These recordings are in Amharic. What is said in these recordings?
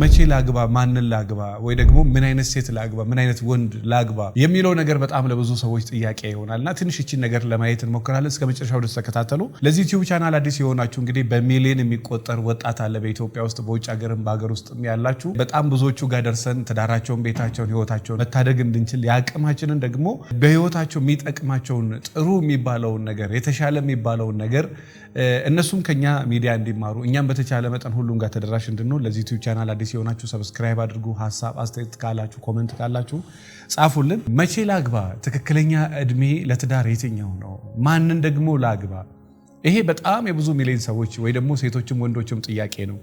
መቼ ላግባ፣ ማንን ላግባ፣ ወይ ደግሞ ምን አይነት ሴት ላግባ፣ ምን አይነት ወንድ ላግባ የሚለው ነገር በጣም ለብዙ ሰዎች ጥያቄ ይሆናል እና ትንሽ እቺን ነገር ለማየት እንሞክራለን። እስከ መጨረሻው ደስ ተከታተሉ። ለዚህ ዩቲዩብ ቻናል አዲስ የሆናችሁ እንግዲህ በሚሊዮን የሚቆጠር ወጣት አለ በኢትዮጵያ ውስጥ በውጭ ሀገርም በሀገር ውስጥ ያላችሁ በጣም ብዙዎቹ ጋር ደርሰን ትዳራቸውን፣ ቤታቸውን፣ ህይወታቸውን መታደግ እንድንችል የአቅማችንን ደግሞ በህይወታቸው የሚጠቅማቸውን ጥሩ የሚባለውን ነገር የተሻለ የሚባለውን ነገር እነሱም ከኛ ሚዲያ እንዲማሩ እኛም በተቻለ መጠን ሁሉም ጋር ተደራሽ እንድንሆን ለዚህ ዩቲዩብ ቻናል አዲስ የሆናችሁ ሰብስክራይብ አድርጉ። ሀሳብ አስተያየት ካላችሁ ኮመንት ካላችሁ ጻፉልን። መቼ ላግባ? ትክክለኛ እድሜ ለትዳር የትኛው ነው? ማንን ደግሞ ላግባ? ይሄ በጣም የብዙ ሚሊዮን ሰዎች ወይ ደግሞ ሴቶችም ወንዶችም ጥያቄ ነው።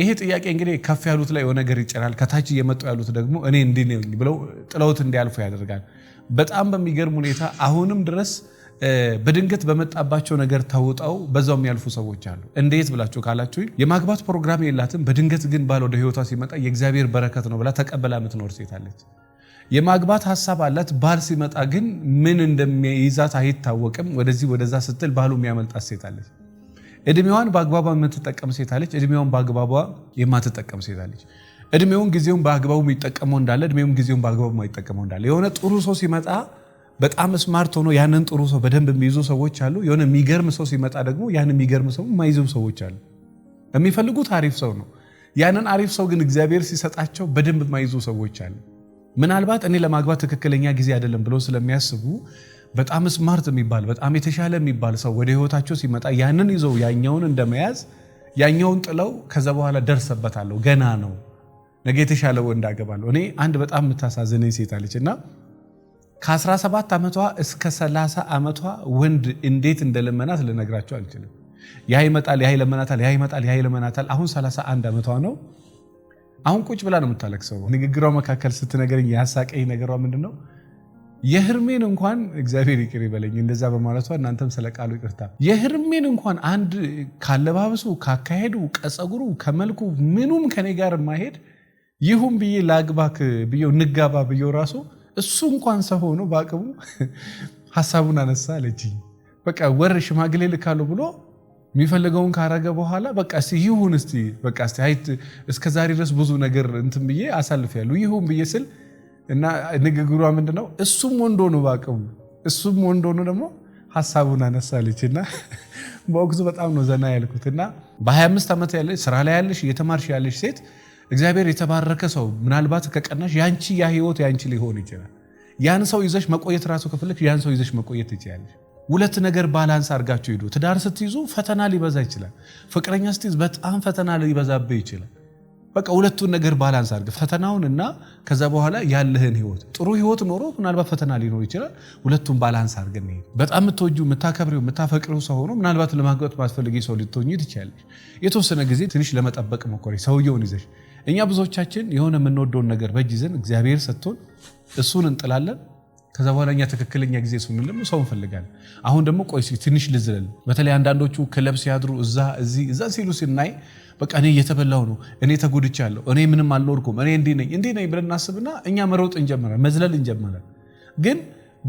ይሄ ጥያቄ እንግዲህ ከፍ ያሉት ላይ የሆነ ነገር ይጭራል፣ ከታች እየመጡ ያሉት ደግሞ እኔ እንዲህ ብለው ጥለውት እንዲያልፉ ያደርጋል። በጣም በሚገርም ሁኔታ አሁንም ድረስ በድንገት በመጣባቸው ነገር ተውጠው በዛው የሚያልፉ ሰዎች አሉ። እንዴት ብላችሁ ካላችሁ የማግባት ፕሮግራም የላትም፣ በድንገት ግን ባል ወደ ህይወቷ ሲመጣ የእግዚአብሔር በረከት ነው ብላ ተቀበላ የምትኖር ሴት አለች። የማግባት ሀሳብ አላት፣ ባል ሲመጣ ግን ምን እንደሚይዛት አይታወቅም። ወደዚህ ወደዛ ስትል ባሉ የሚያመልጣት ሴት አለች። እድሜዋን በአግባቧ የምትጠቀም ሴት አለች። እድሜዋን በአግባቧ የማትጠቀም ሴት አለች። እድሜውን ጊዜውን በአግባቡ የሚጠቀመው እንዳለ፣ እድሜውን ጊዜውን በአግባቡ የማይጠቀመው እንዳለ የሆነ ጥሩ ሰው ሲመጣ በጣም ስማርት ሆኖ ያንን ጥሩ ሰው በደንብ የሚይዙ ሰዎች አሉ። የሆነ የሚገርም ሰው ሲመጣ ደግሞ ያን የሚገርም ሰው የማይዙ ሰዎች አሉ። የሚፈልጉት አሪፍ ሰው ነው። ያንን አሪፍ ሰው ግን እግዚአብሔር ሲሰጣቸው በደንብ የማይዙ ሰዎች አሉ። ምናልባት እኔ ለማግባት ትክክለኛ ጊዜ አይደለም ብሎ ስለሚያስቡ በጣም ስማርት የሚባል በጣም የተሻለ የሚባል ሰው ወደ ህይወታቸው ሲመጣ ያንን ይዘው ያኛውን እንደመያዝ ያኛውን ጥለው ከዛ በኋላ ደርሰበታለሁ ገና ነው ነገ የተሻለ ወንድ አገባለሁ። እኔ አንድ በጣም የምታሳዝነኝ ሴት አለች እና ከ17 ዓመቷ እስከ 30 ዓመቷ ወንድ እንዴት እንደለመናት ልነግራቸው አልችልም። ያ ይመጣል፣ ያ ይለመናታል፣ ያ ይመጣል፣ ያ ይለመናታል። አሁን 31 ዓመቷ ነው። አሁን ቁጭ ብላ ነው የምታለቅሰው። ንግግሯ መካከል ስትነገርኝ ያሳቀኝ ነገሯ ምንድን ነው? የህርሜን እንኳን እግዚአብሔር ይቅር ይበለኝ እንደዛ በማለቷ እናንተም ስለቃሉ ይቅርታ። የህርሜን እንኳን አንድ ካለባበሱ፣ ካካሄዱ፣ ከፀጉሩ፣ ከመልኩ ምኑም ከኔ ጋር ማሄድ ይሁን ብዬ ላግባክ ብዬው ንጋባ ብዬው ራሱ እሱ እንኳን ሰው ሆኖ በአቅሙ ሀሳቡን አነሳ አለችኝ። በቃ ወር ሽማግሌ ልካሉ ብሎ የሚፈልገውን ካረገ በኋላ በቃ ይሁን እስቲ በቃ እስከ ዛሬ ድረስ ብዙ ነገር እንትን ብዬ አሳልፍ ያሉ ይሁን ብዬ ስል እና ንግግሯ ምንድነው? እሱም ወንድ ሆኖ በአቅሙ እሱም ወንድ ሆኖ ደግሞ ሀሳቡን አነሳለች እና በወቅቱ በጣም ነው ዘና ያልኩት እና በ25 ዓመት ያለች ስራ ላይ ያለሽ እየተማርሽ ያለሽ ሴት እግዚአብሔር የተባረከ ሰው ምናልባት ከቀናሽ ያንቺ ያ ህይወት ያንቺ ሊሆን ይችላል። ያን ሰው ይዘሽ መቆየት ራሱ ከፈለግሽ ያን ሰው ይዘሽ መቆየት ትችያለሽ። ሁለት ነገር ባላንስ አድርጋችሁ ሂዱ። ትዳር ስትይዙ ፈተና ሊበዛ ይችላል። ፍቅረኛ ስትይዝ በጣም ፈተና ሊበዛብህ ይችላል። በቃ ሁለቱን ነገር ባላንስ አድርገ ፈተናውን እና ከዛ በኋላ ያለህን ህይወት ጥሩ ህይወት ኖሮ ምናልባት ፈተና ሊኖር ይችላል። ሁለቱን ባላንስ አድርገን መሄድ በጣም የምትወጁ የምታከብሪው የምታፈቅሪው ሰው ሆኖ ምናልባት ለማግባት ማስፈልጊ ሰው ልትሆኚ ትችያለሽ። የተወሰነ ጊዜ ትንሽ ለመጠበቅ ሞከሪ ሰውየውን ይዘሽ እኛ ብዙዎቻችን የሆነ የምንወደውን ነገር በእጅ ይዘን እግዚአብሔር ሰጥቶን እሱን እንጥላለን። ከዛ በኋላ እኛ ትክክለኛ ጊዜ ስንልም ሰው እንፈልጋለን። አሁን ደግሞ ቆይ ትንሽ ልዝለል። በተለይ አንዳንዶቹ ክለብ ሲያድሩ እዛ እዚህ እዛ ሲሉ ሲናይ በቃ እኔ እየተበላው ነው፣ እኔ ተጎድቻለሁ፣ እኔ ምንም አልኖርኩም፣ እኔ እንዲህ ነኝ እንዲህ ነኝ ብለን እናስብና እኛ መሮጥ እንጀምራል፣ መዝለል እንጀምራል ግን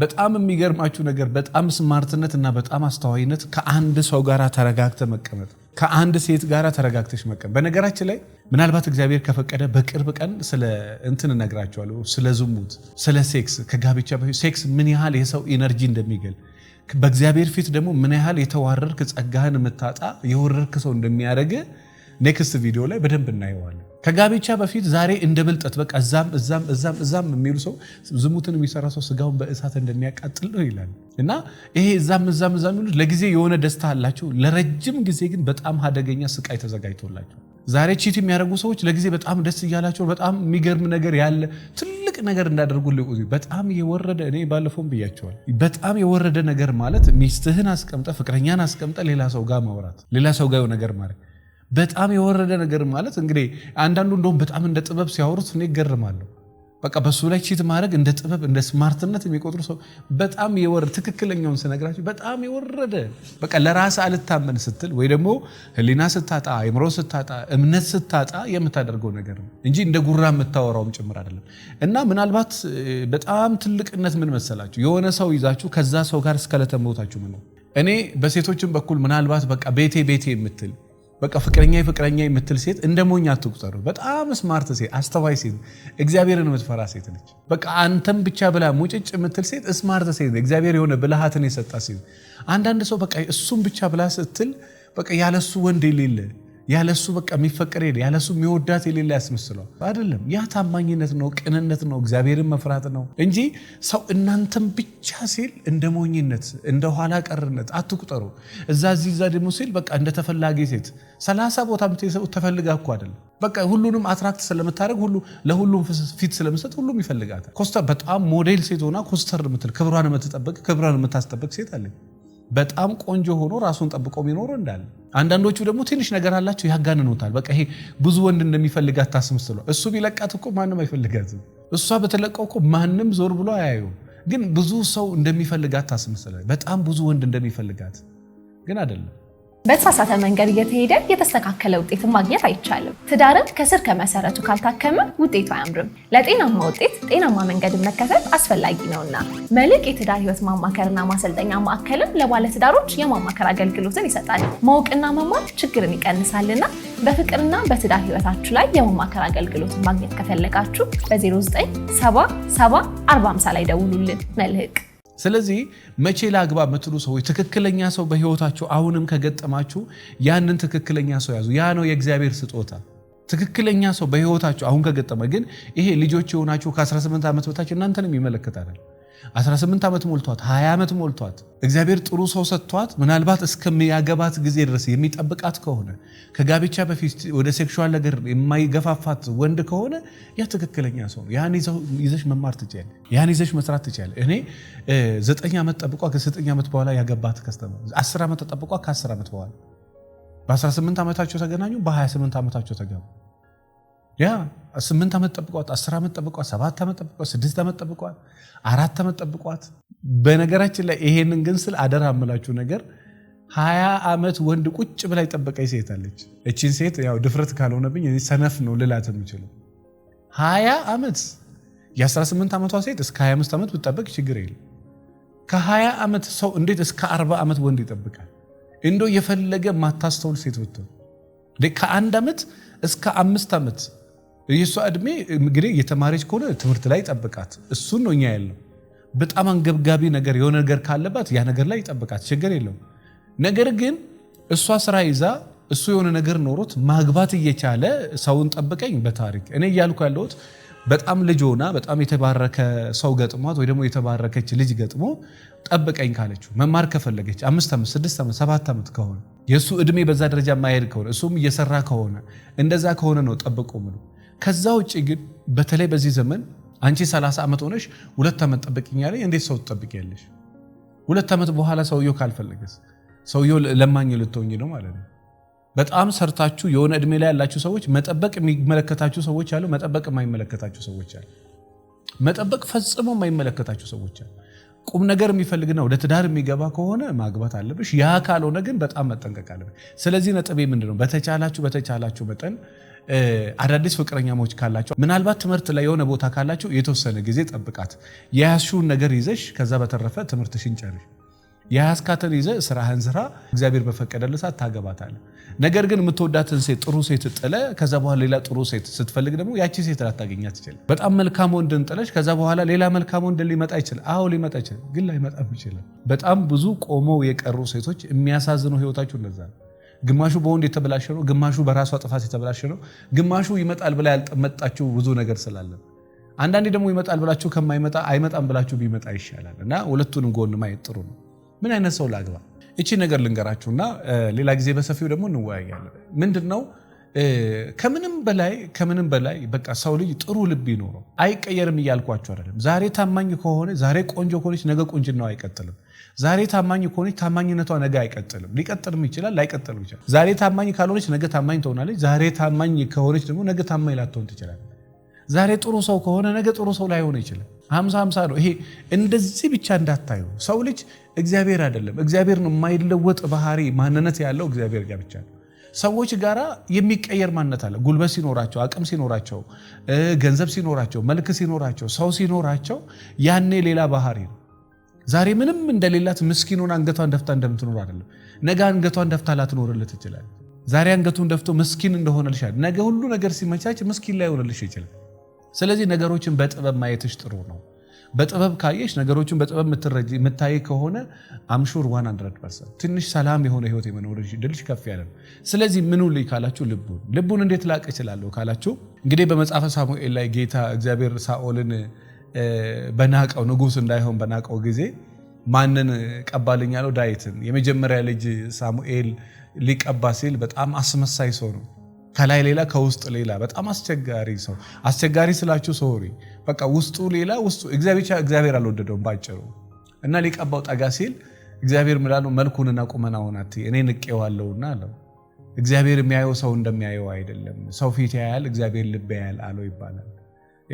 በጣም የሚገርማችሁ ነገር በጣም ስማርትነት እና በጣም አስተዋይነት ከአንድ ሰው ጋር ተረጋግተ መቀመጥ፣ ከአንድ ሴት ጋር ተረጋግተች መቀመጥ። በነገራችን ላይ ምናልባት እግዚአብሔር ከፈቀደ በቅርብ ቀን ስለ እንትን እነግራቸዋለሁ፣ ስለ ዝሙት፣ ስለ ሴክስ ከጋብቻ በፊት ሴክስ ምን ያህል የሰው ኢነርጂ እንደሚገል በእግዚአብሔር ፊት ደግሞ ምን ያህል የተዋረርክ ጸጋህን የምታጣ የወረርክ ሰው እንደሚያደርግ ኔክስት ቪዲዮ ላይ በደንብ እናየዋለን። ከጋብቻ በፊት ዛሬ እንደ ብልጠት በቃ እዛም እዛም እዛም እዛም የሚሉ ሰው ዝሙትን የሚሰራ ሰው ስጋውን በእሳት እንደሚያቃጥል ነው ይላል እና ይሄ እዛም እዛም እዛም የሚሉ ለጊዜ የሆነ ደስታ አላቸው፣ ለረጅም ጊዜ ግን በጣም አደገኛ ስቃይ ተዘጋጅቶላቸው። ዛሬ ቺት የሚያደርጉ ሰዎች ለጊዜ በጣም ደስ እያላቸው በጣም የሚገርም ነገር ያለ ትልቅ ነገር እንዳደርጉ በጣም የወረደ እኔ ባለፈውም ብያቸዋል። በጣም የወረደ ነገር ማለት ሚስትህን አስቀምጠ ፍቅረኛን አስቀምጠ ሌላ ሰው ጋር ማውራት ሌላ ሰው ጋር ነገር ማለት በጣም የወረደ ነገር ማለት እንግዲህ አንዳንዱ እንደውም በጣም እንደ ጥበብ ሲያወሩት እኔ እገርማለሁ። በቃ በሱ ላይ ቺት ማድረግ እንደ ጥበብ እንደ ስማርትነት የሚቆጥሩ ሰው በጣም የወረደ ትክክለኛውን ስነግራቸው በጣም የወረደ በቃ ለራስ አልታመን ስትል ወይ ደግሞ ህሊና ስታጣ አይምሮ ስታጣ እምነት ስታጣ የምታደርገው ነገር ነው እንጂ እንደ ጉራ የምታወራውም ጭምር አይደለም። እና ምናልባት በጣም ትልቅነት ምን መሰላችሁ የሆነ ሰው ይዛችሁ ከዛ ሰው ጋር እስከ ዕለተ ሞታችሁ እኔ በሴቶችን በኩል ምናልባት በቃ ቤቴ ቤቴ የምትል በቃ ፍቅረኛ ፍቅረኛ የምትል ሴት እንደ ሞኝ አትቁጠሩ። በጣም ስማርት ሴት፣ አስተዋይ ሴት፣ እግዚአብሔርን የምትፈራ ሴት ነች። በቃ አንተም ብቻ ብላ ሙጭጭ የምትል ሴት ስማርት ሴት፣ እግዚአብሔር የሆነ ብልሃትን የሰጣ ሴት። አንዳንድ ሰው በቃ እሱም ብቻ ብላ ስትል በቃ ያለሱ ወንድ የሌለ ያለሱ በቃ የሚፈቀር የለ ያለሱ የሚወዳት የሌለ ያስመስለዋል። አይደለም። ያ ታማኝነት ነው፣ ቅንነት ነው፣ እግዚአብሔርን መፍራት ነው እንጂ ሰው እናንተም ብቻ ሲል እንደ ሞኝነት እንደ ኋላ ቀርነት አትቁጠሩ። እዛ እዚህ እዛ ደግሞ ሲል በቃ እንደ ተፈላጊ ሴት ሰላሳ ቦታ ሰው ተፈልጋ እኮ አይደለም። በቃ ሁሉንም አትራክት ስለምታደረግ ሁሉ ለሁሉም ፊት ስለምሰጥ ሁሉም ይፈልጋታል። ኮስተር በጣም ሞዴል ሴት ሆና ኮስተር ምትል ክብሯን የምትጠበቅ ክብሯን የምታስጠብቅ ሴት አለች። በጣም ቆንጆ ሆኖ ራሱን ጠብቆ የሚኖር እንዳለ፣ አንዳንዶቹ ደግሞ ትንሽ ነገር አላቸው ያጋንኑታል። በቃ ይሄ ብዙ ወንድ እንደሚፈልጋት ታስም እሱ ቢለቃት እኮ ማንም አይፈልጋትም። እሷ በተለቀው እኮ ማንም ዞር ብሎ አያዩ። ግን ብዙ ሰው እንደሚፈልጋት ታስም በጣም ብዙ ወንድ እንደሚፈልጋት ግን አይደለም። በተሳሳተ መንገድ እየተሄደ የተስተካከለ ውጤትን ማግኘት አይቻልም። ትዳርን ከስር ከመሰረቱ ካልታከመ ውጤቱ አያምርም። ለጤናማ ውጤት ጤናማ መንገድን መከተል አስፈላጊ ነውና መልሕቅ የትዳር ህይወት ማማከርና ማሰልጠኛ ማዕከልም ለባለትዳሮች የማማከር አገልግሎትን ይሰጣል። ማወቅና መማር ችግርን ይቀንሳልና በፍቅርና በትዳር ህይወታችሁ ላይ የማማከር አገልግሎትን ማግኘት ከፈለጋችሁ በ0977 450 ላይ ደውሉልን። መልሕቅ ስለዚህ መቼ ለአግባብ የምትሉ ሰዎች ትክክለኛ ሰው በህይወታችሁ አሁንም ከገጠማችሁ ያንን ትክክለኛ ሰው ያዙ። ያ ነው የእግዚአብሔር ስጦታ። ትክክለኛ ሰው በህይወታችሁ አሁን ከገጠመ ግን ይሄ ልጆች የሆናችሁ ከ18 ዓመት በታች እናንተንም ይመለከታል። 18 ዓመት ሞልቷት 20 ዓመት ሞልቷት እግዚአብሔር ጥሩ ሰው ሰጥቷት ምናልባት እስከሚያገባት ጊዜ ድረስ የሚጠብቃት ከሆነ ከጋብቻ በፊት ወደ ሴክሹዋል ነገር የማይገፋፋት ወንድ ከሆነ ያ ትክክለኛ ሰው ነው። ያን ይዘሽ መማር ትችያለሽ። ያን ይዘሽ መስራት ትችያለሽ። እኔ ዘጠኝ ዓመት ጠብቋ ከዘጠኝ ዓመት በኋላ ያገባት ከስተመ አስር ዓመት ተጠብቋ ከአስር ዓመት በኋላ በ18 ዓመታቸው ተገናኙ፣ በ28 ዓመታቸው ተጋቡ። ያ ስምንት ዓመት ጠብቋት፣ አስር ዓመት ጠብቋት፣ ሰባት ዓመት ጠብቋት፣ ስድስት ዓመት ጠብቋት፣ አራት ዓመት ጠብቋት። በነገራችን ላይ ይሄንን ግን ስል አደራ የምላችሁ ነገር ሀያ ዓመት ወንድ ቁጭ ብላ የጠበቀኝ ሴት አለች። እቺን ሴት ያው ድፍረት ካልሆነብኝ ሰነፍ ነው ልላት የምችለው ሀያ ዓመት የ18 ዓመቷ ሴት እስከ 25 ዓመት ብጠበቅ ችግር የለም። ከ20 ዓመት ሰው እንዴት እስከ 40 ዓመት ወንድ ይጠብቃል? እንዶ የፈለገ ማታስተውል ሴት ብትሆን ከአንድ ዓመት እስከ አምስት ዓመት የእሷ እድሜ እንግዲህ የተማሪች ከሆነ ትምህርት ላይ ጠብቃት። እሱን ነው እኛ ያለው። በጣም አንገብጋቢ ነገር የሆነ ነገር ካለባት ያ ነገር ላይ ጠብቃት፣ ችግር የለው። ነገር ግን እሷ ስራ ይዛ እሱ የሆነ ነገር ኖሮት ማግባት እየቻለ ሰውን ጠብቀኝ። በታሪክ እኔ እያልኩ ያለሁት በጣም ልጅ ሆና በጣም የተባረከ ሰው ገጥሟት ወይ ደግሞ የተባረከች ልጅ ገጥሞ ጠብቀኝ ካለችው መማር ከፈለገች አምስት ዓመት ስድስት ዓመት ሰባት ዓመት ከሆነ የእሱ እድሜ በዛ ደረጃ ማሄድ ከሆነ እሱም እየሰራ ከሆነ እንደዛ ከሆነ ነው ጠብቆ ምሉ ከዛ ውጭ ግን በተለይ በዚህ ዘመን አንቺ 30 ዓመት ሆነሽ ሁለት ዓመት ጠብቅኝ እንዴት ሰው ትጠብቂያለሽ? ሁለት ዓመት በኋላ ሰውየው ካልፈለገስ ሰውየው ለማኝ ልትሆኝ ነው ማለት ነው። በጣም ሰርታችሁ የሆነ እድሜ ላይ ያላችሁ ሰዎች መጠበቅ የሚመለከታችሁ ሰዎች አሉ፣ መጠበቅ የማይመለከታችሁ ሰዎች አሉ። መጠበቅ ፈጽሞ የማይመለከታችሁ ሰዎች አሉ። ቁም ነገር የሚፈልግና ወደ ትዳር የሚገባ ከሆነ ማግባት አለብሽ። ያ ካልሆነ ግን በጣም መጠንቀቅ አለብሽ። ስለዚህ ነጥቤ ምንድነው? በተቻላችሁ በተቻላችሁ መጠን አዳዲስ ፍቅረኛሞች ካላቸው ምናልባት ትምህርት ላይ የሆነ ቦታ ካላቸው የተወሰነ ጊዜ ጠብቃት። የያዝሽውን ነገር ይዘሽ ከዛ በተረፈ ትምህርትሽን ጨርሽ። የያዝካትን ይዘ ስራህን ስራ። እግዚአብሔር በፈቀደልህ ሰዓት ታገባታለህ። ነገር ግን የምትወዳትን ሴት ጥሩ ሴት ጥለ ከዛ በኋላ ሌላ ጥሩ ሴት ስትፈልግ ደግሞ ያቺ ሴት ላታገኛት ትችላል። በጣም መልካም ወንድን ጥለሽ ከዛ በኋላ ሌላ መልካም ወንድ ሊመጣ ይችላል። አዎ ሊመጣ ይችላል፣ ግን ላይመጣም ይችላል። በጣም ብዙ ቆመው የቀሩ ሴቶች የሚያሳዝነው ህይወታችሁ እንደዛ ነው። ግማሹ በወንድ የተበላሸ ነው፣ ግማሹ በራሷ ጥፋት የተበላሸ ነው፣ ግማሹ ይመጣል ብላ ያልጠመጣችሁ ብዙ ነገር ስላለ። አንዳንዴ ደግሞ ይመጣል ብላችሁ ከማይመጣ አይመጣም ብላችሁ ቢመጣ ይሻላል እና ሁለቱንም ጎን ማየት ጥሩ ነው። ምን አይነት ሰው ላግባ? እቺ ነገር እና ሌላ ጊዜ በሰፊው ደግሞ እንወያያለን። ምንድን ነው ከምንም በላይ ከምንም በላይ በቃ ሰው ልጅ ጥሩ ልብ ይኖረው። አይቀየርም እያልኳቸው አይደለም። ዛሬ ታማኝ ከሆነ ዛሬ ቆንጆ ከሆነች ነገ ቁንጅናው አይቀጥልም። ዛሬ ታማኝ ከሆነች ታማኝነቷ ነገ አይቀጥልም። ሊቀጥልም ይችላል፣ ላይቀጥልም ይችላል። ዛሬ ታማኝ ካልሆነች ነገ ታማኝ ትሆናለች። ዛሬ ታማኝ ከሆነች ደግሞ ነገ ታማኝ ላትሆን ትችላል። ዛሬ ጥሩ ሰው ከሆነ ነገ ጥሩ ሰው ላይሆን ይችላል። ሀምሳ ሀምሳ ነው። ይሄ እንደዚህ ብቻ እንዳታዩ። ሰው ልጅ እግዚአብሔር አይደለም። እግዚአብሔር ነው የማይለወጥ ባህሪ ማንነት ያለው እግዚአብሔር ጋር ብቻ ነው። ሰዎች ጋር የሚቀየር ማንነት አለ። ጉልበት ሲኖራቸው፣ አቅም ሲኖራቸው፣ ገንዘብ ሲኖራቸው፣ መልክ ሲኖራቸው፣ ሰው ሲኖራቸው ያኔ ሌላ ባህሪ ነው። ዛሬ ምንም እንደሌላት ምስኪኑን አንገቷን ደፍታ እንደምትኖር አይደለም። ነገ አንገቷን ደፍታ ላትኖርልህ ትችላለህ። ዛሬ አንገቱን ደፍቶ ምስኪን እንደሆነልሽ ነገ ሁሉ ነገር ሲመቻች ምስኪን ላይ ሆነልሽ ይችላል። ስለዚህ ነገሮችን በጥበብ ማየትሽ ጥሩ ነው። በጥበብ ካየሽ ነገሮችን በጥበብ የምታይ ከሆነ አምሹር ዋን አንድረድ ትንሽ ሰላም የሆነ ህይወት የመኖር ድልሽ ከፍ ያለ ነው። ስለዚህ ምኑ ልይ ካላችሁ ልቡን ልቡን እንዴት ላቅ እችላለሁ ካላችሁ እንግዲህ በመጽሐፈ ሳሙኤል ላይ ጌታ እግዚአብሔር ሳኦልን በናቀው ንጉስ እንዳይሆን በናቀው ጊዜ ማንን ቀባልኝ ያለው ዳዊትን። የመጀመሪያ ልጅ ሳሙኤል ሊቀባ ሲል በጣም አስመሳይ ሰው ነው። ከላይ ሌላ ከውስጥ ሌላ በጣም አስቸጋሪ ሰው። አስቸጋሪ ስላችሁ ሶሪ፣ በቃ ውስጡ ሌላ ውስጡ እግዚአብሔር አልወደደውም ባጭሩ። እና ሊቀባው ጠጋ ሲል እግዚአብሔር ምላለው መልኩንና ቁመናውን አትይ፣ እኔ ንቄዋለሁና አለው። እግዚአብሔር የሚያየው ሰው እንደሚያየው አይደለም። ሰው ፊት ያያል፣ እግዚአብሔር ልብ ያያል አለው ይባላል።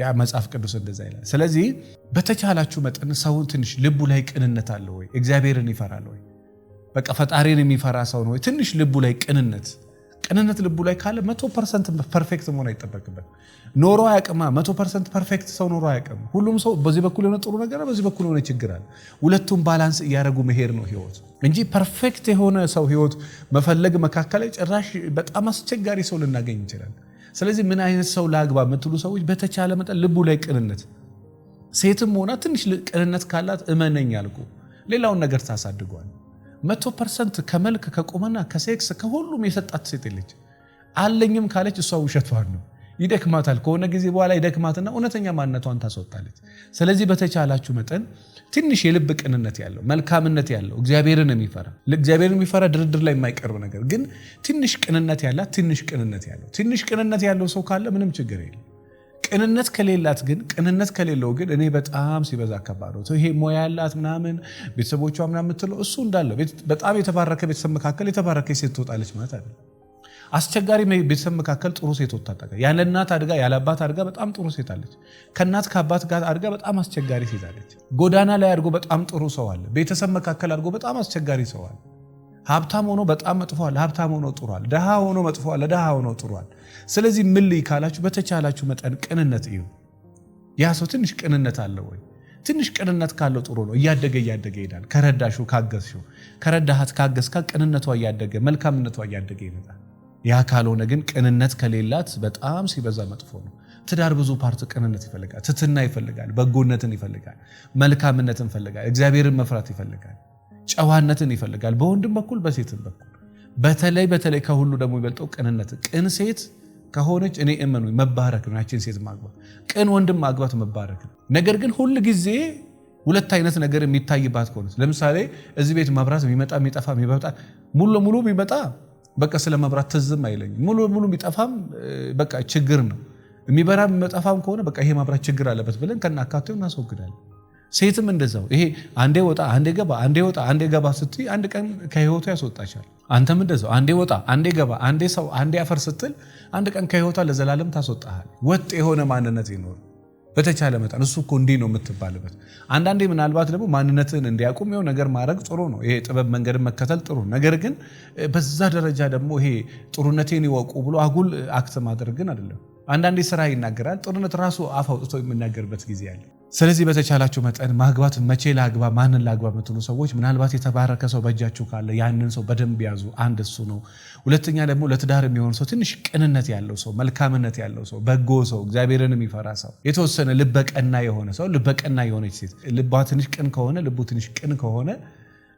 ያ መጽሐፍ ቅዱስ እንደዛ ይላል። ስለዚህ በተቻላችሁ መጠን ሰውን ትንሽ ልቡ ላይ ቅንነት አለ ወይ? እግዚአብሔርን ይፈራል ወይ? በቃ ፈጣሪን የሚፈራ ሰው ነው ወይ? ትንሽ ልቡ ላይ ቅንነት ቅንነት ልቡ ላይ ካለ መቶ ፐርሰንት ፐርፌክት መሆን አይጠበቅበት ኖሮ አያውቅማ። መቶ ፐርሰንት ፐርፌክት ሰው ኖሮ አያውቅም። ሁሉም ሰው በዚህ በኩል የሆነ ጥሩ ነገር፣ በዚህ በኩል የሆነ ችግር አለ። ሁለቱም ባላንስ እያደረጉ መሄድ ነው ህይወት እንጂ ፐርፌክት የሆነ ሰው ህይወት መፈለግ መካከል ጭራሽ በጣም አስቸጋሪ ሰው ልናገኝ እንችላለን። ስለዚህ ምን አይነት ሰው ላግባ የምትሉ ሰዎች በተቻለ መጠን ልቡ ላይ ቅንነት፣ ሴትም ሆና ትንሽ ቅንነት ካላት እመነኝ አልኩ ሌላውን ነገር ታሳድገዋል። መቶ ፐርሰንት ከመልክ ከቁመና ከሴክስ ከሁሉም የሰጣት ሴት የለች። አለኝም ካለች እሷ ውሸቷን ነው። ይደክማታል። ከሆነ ጊዜ በኋላ ይደክማትና እውነተኛ ማንነቷን ታስወጣለች። ስለዚህ በተቻላችሁ መጠን ትንሽ የልብ ቅንነት ያለው መልካምነት ያለው እግዚአብሔርን የሚፈራ እግዚአብሔርን የሚፈራ ድርድር ላይ የማይቀርብ ነገር ግን ትንሽ ቅንነት ያላት ትንሽ ቅንነት ያለው ትንሽ ቅንነት ያለው ሰው ካለ ምንም ችግር የለም። ቅንነት ከሌላት ግን ቅንነት ከሌለው ግን እኔ በጣም ሲበዛ ከባድ ነው። ይሄ ሞያ ያላት ምናምን ቤተሰቦቿ ምናምን የምትለው እሱ እንዳለው በጣም የተባረከ ቤተሰብ መካከል የተባረከ ሴት ትወጣለች ማለት አይደለም። አስቸጋሪ ቤተሰብ መካከል ጥሩ ሴት ወታጠቀ ያለ እናት አድጋ ያለ አባት አድጋ በጣም ጥሩ ሴት አለች። ከእናት ከአባት ጋር አድጋ በጣም አስቸጋሪ ሴት አለች። ጎዳና ላይ አድጎ በጣም ጥሩ ሰው አለ። ቤተሰብ መካከል አድጎ በጣም አስቸጋሪ ሰው አለ። ሀብታም ሆኖ በጣም መጥፎዋል። ሀብታም ሆኖ ጥሯል። ደሃ ሆኖ መጥፎዋል። ደሃ ሆኖ ጥሯል። ስለዚህ ምን ልይ ካላችሁ በተቻላችሁ መጠን ቅንነት እዩ። ያ ሰው ትንሽ ቅንነት አለ ወይ? ትንሽ ቅንነት ካለው ጥሩ ነው። እያደገ እያደገ ይሄዳል። ከረዳሹ ካገዝሹ፣ ከረዳሃት ካገዝካ፣ ቅንነቷ እያደገ መልካምነቷ እያደገ ይመጣል። ያ ካልሆነ ግን ቅንነት ከሌላት በጣም ሲበዛ መጥፎ ነው። ትዳር ብዙ ፓርት ቅንነት ይፈልጋል፣ ትትና ይፈልጋል፣ በጎነትን ይፈልጋል፣ መልካምነትን ይፈልጋል፣ እግዚአብሔርን መፍራት ይፈልጋል፣ ጨዋነትን ይፈልጋል፣ በወንድም በኩል በሴትም በኩል በተለይ በተለይ ከሁሉ ደግሞ ይበልጠው ቅንነት። ቅን ሴት ከሆነች እኔ እመኑ መባረክ ነው። ያችን ሴት ማግባት ቅን ወንድም ማግባት መባረክ ነው። ነገር ግን ሁል ጊዜ ሁለት አይነት ነገር የሚታይባት ከሆነች ለምሳሌ እዚህ ቤት መብራት የሚመጣ የሚጠፋ የሚበጣ ሙሉ ለሙሉ የሚመጣ በቃ ስለ መብራት ትዝም አይለኝም። ሙሉ ሙሉ የሚጠፋም በቃ ችግር ነው የሚበራ የሚጠፋም ከሆነ በቃ ይሄ መብራት ችግር አለበት ብለን ከናካቴው እናስወግዳለን። ሴትም እንደዛው ይሄ አንዴ ወጣ አንዴ ገባ፣ አንዴ ወጣ አንዴ ገባ ስትይ አንድ ቀን ከህይወቱ ያስወጣቻል። አንተም እንደዛው አንዴ ወጣ አንዴ ገባ፣ አንዴ ሰው አንዴ አፈር ስትል አንድ ቀን ከህይወቷ ለዘላለም ታስወጣሃል። ወጥ የሆነ ማንነት ይኖር በተቻለ መጠን እሱ እኮ እንዲህ ነው የምትባልበት። አንዳንዴ ምናልባት ደግሞ ማንነትን እንዲያውቁም ይኸው ነገር ማድረግ ጥሩ ነው። ይሄ ጥበብ መንገድን መከተል ጥሩ ነገር ግን በዛ ደረጃ ደግሞ ይሄ ጥሩነቴን ይወቁ ብሎ አጉል አክት ማድረግ ግን አይደለም። አንዳንዴ ስራ ይናገራል። ጥሩነት ራሱ አፍ አውጥቶ የሚናገርበት ጊዜ አለ። ስለዚህ በተቻላችሁ መጠን ማግባት መቼ ላግባ ማንን ላግባ የምትሉ ሰዎች ምናልባት የተባረከ ሰው በእጃችሁ ካለ ያንን ሰው በደንብ ያዙ። አንድ እሱ ነው። ሁለተኛ ደግሞ ለትዳር የሚሆን ሰው ትንሽ ቅንነት ያለው ሰው፣ መልካምነት ያለው ሰው፣ በጎ ሰው፣ እግዚአብሔርን የሚፈራ ሰው፣ የተወሰነ ልበቀና የሆነ ሰው፣ ልበቀና የሆነች ሴት ልቧ ትንሽ ቅን ከሆነ ልቡ ትንሽ ቅን ከሆነ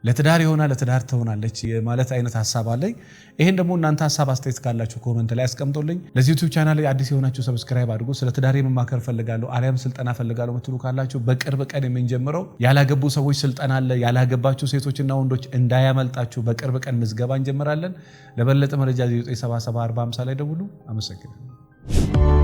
ለትዳር የሆና ለትዳር ትሆናለች ማለት አይነት ሀሳብ አለኝ። ይህን ደግሞ እናንተ ሀሳብ አስተያየት ካላችሁ ኮመንት ላይ አስቀምጦልኝ። ለዚህ ዩቱብ ቻናል አዲስ የሆናችሁ ሰብስክራይብ አድርጉ። ስለ ትዳር የመማከር ፈልጋለሁ አሊያም ስልጠና ፈልጋለሁ ምትሉ ካላችሁ በቅርብ ቀን የምንጀምረው ያላገቡ ሰዎች ስልጠና አለ። ያላገባችሁ ሴቶችና ወንዶች እንዳያመልጣችሁ፣ በቅርብ ቀን ምዝገባ እንጀምራለን። ለበለጠ መረጃ 97745 ላይ ደውሉ። አመሰግናለሁ።